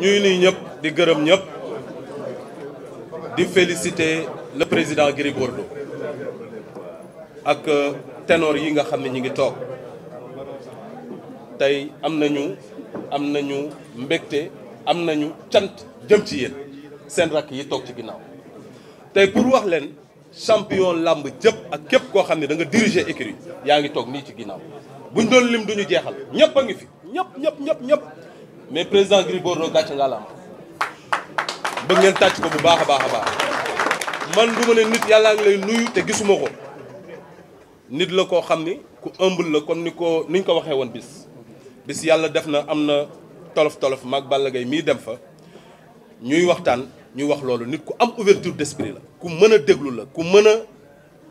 ñuy nuyu ñëpp di gërëm ñëpp di féliciter le président Gris Bordeaux ak euh, ténor yi nga xam ne ñi ngi toog tey am na ñu am na ñu mbégte am nañu cant jëm ci yéen seen rakk yi toog ci ginnaaw tey pour wax leen champion làmb jëpp ak képp koo xam ne da nga diriger écurie yaa ngi toog nii ci ginnaaw buñ doon lim ñu jeexal ñëpp a ngi fi ñëpp ñëpp ñëpp ñëpp mais président Gris Bordeaux gàcce nga la am bëgg ngeen tàcc ko bu baax a baax a baax man du ma ne nit yàllaa ngi lay nuyu te gisuma ko nit la koo xam ni ku ëmbul la comme ni ko ni ñu ko waxee woon bis bis yàlla def na am na tolof tolof maag Balla Gaye mii dem fa ñuy waxtaan ñu wax loolu nit ku am ouverture d'esprit la ku mën a déglu la ku mën a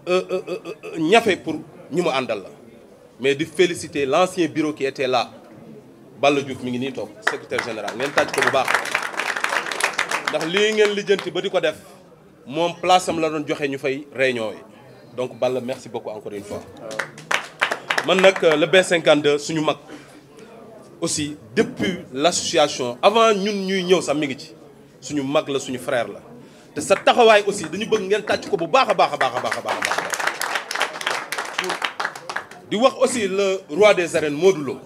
euh, euh, euh, ñafe pour ñi mu àndal la mais di félicité l'ancien bureau qui était Balla Diouf mu ngi nii toog secrétaire général ngeen tàj ko bu baax ndax lii ngeen lijjanti ba di ko def moom place am la doon joxe ñu fay réunion yi donc Balla merci beaucoup encore une fois man nag euh, le B52 suñu mag aussi depuis l'association avant ñun ñuy ñëw sax mi ngi ci suñu mag la suñu frère la te sa taxawaay aussi dañu bëgg ngeen tàcc ko bu baax a baax a baax a baax a baax di wax aussi le roi des arènes Modou Lo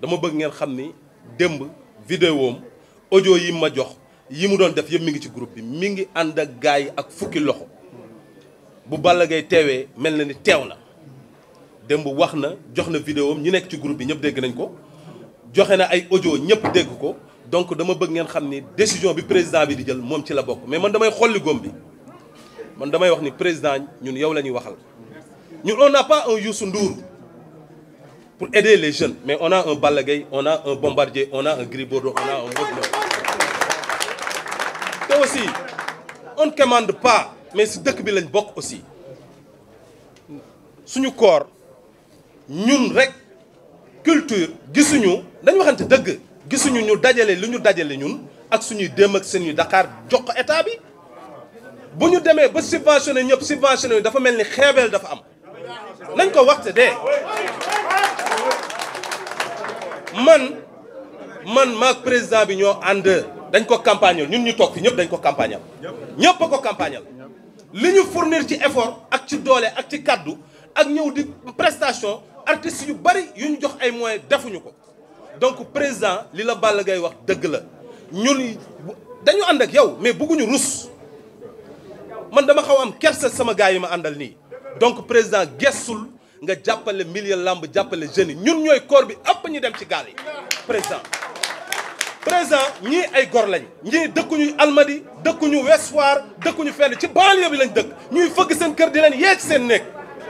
dama bëgg ngeen xam ni démb vidéom audio yi ma jox yi mu doon def yëpp mi ngi ci groupe bi mi ngi ànd ak gars yi ak fukki loxo bu Balla Gaye teewee mel na ni teew na démb wax na jox na vidéom ñi nekk ci groupe bi ñëpp dégg nañ ko joxe na ay audio ñëpp dégg ko donc dama bëgg ngeen xam ni décision bi président bi di jël moom ci la bokk mais man damay xolli góom bi man damay wax ni président ñun yow la ñuy waxal ñun on n'a pas un Youssou Ndour pour aider les jeunes. Mais on a un Balagay, on a un Bombardier, on a un Gribordo, on a un Mourlo. Et aussi, on ne commande pas, mais c'est que nous aussi. Notre corps, nous, culture, gisuñu dañ avons dëgg gisuñu ñu dajale lu ñu dajale ñun ak suñuy dem ak seen yu Dakar jox ko état bi bu ñu demee ba subventionné ñëpp subventionné dafa mel ni xeebeel dafa am nañ ko waxte dee man man maak président bi ñoo ànd dañ ko campagnal ñun ñu toog fi ñëpp dañ ko campagnal ñëpp a ko campagnal li ñu fournir ci effort ak ci doole ak ci kàddu ak ñëw di prestation artistes yu bari yu ñu jox ay moyens defuñu ko donc président li la Balla Gaye wax dëgg la ñun dañu ànd ak yow mais bëgguñu rus man dama xaw am kersa sama gars yi ma àndal nii donc président gestul nga jàppale milieu lamb jàppale jeunes yi ñun ñooy corps bi ëpp ñu dem ci gaal yi président président ñii ay gor lañ ñii dëkkuñu Almadi dëkkuñu Ouest Foire dëkkuñu fenn ci banlieue bi lañ dëkk ñuy fëgg seen kër di leen yee ci seen néeg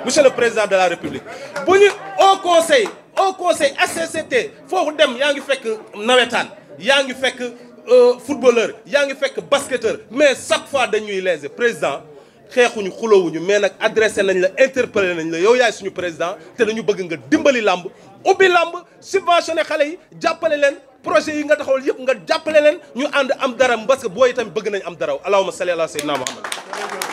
monsieur le président de la république bu ñu au conseil au conseil HCCT foofu dem yaa ngi fekk nawetaan yaa ngi fekk euh, footballeur yaa ngi fekk basketteur mais chaque fois dañuy léser président xeexuñu xulowuñu mais nag adressé nañ la interpellé nañ la yow yaay suñu président te dañu bëgg nga dimbali làmb ubbi làmb subventionné xale yi jàppale leen projet yi nga taxawal yëpp nga jàppale leen ñu ànd am dara parce que boo itam bëgg nañ am dara allahumma salli ala sayyidina muhammad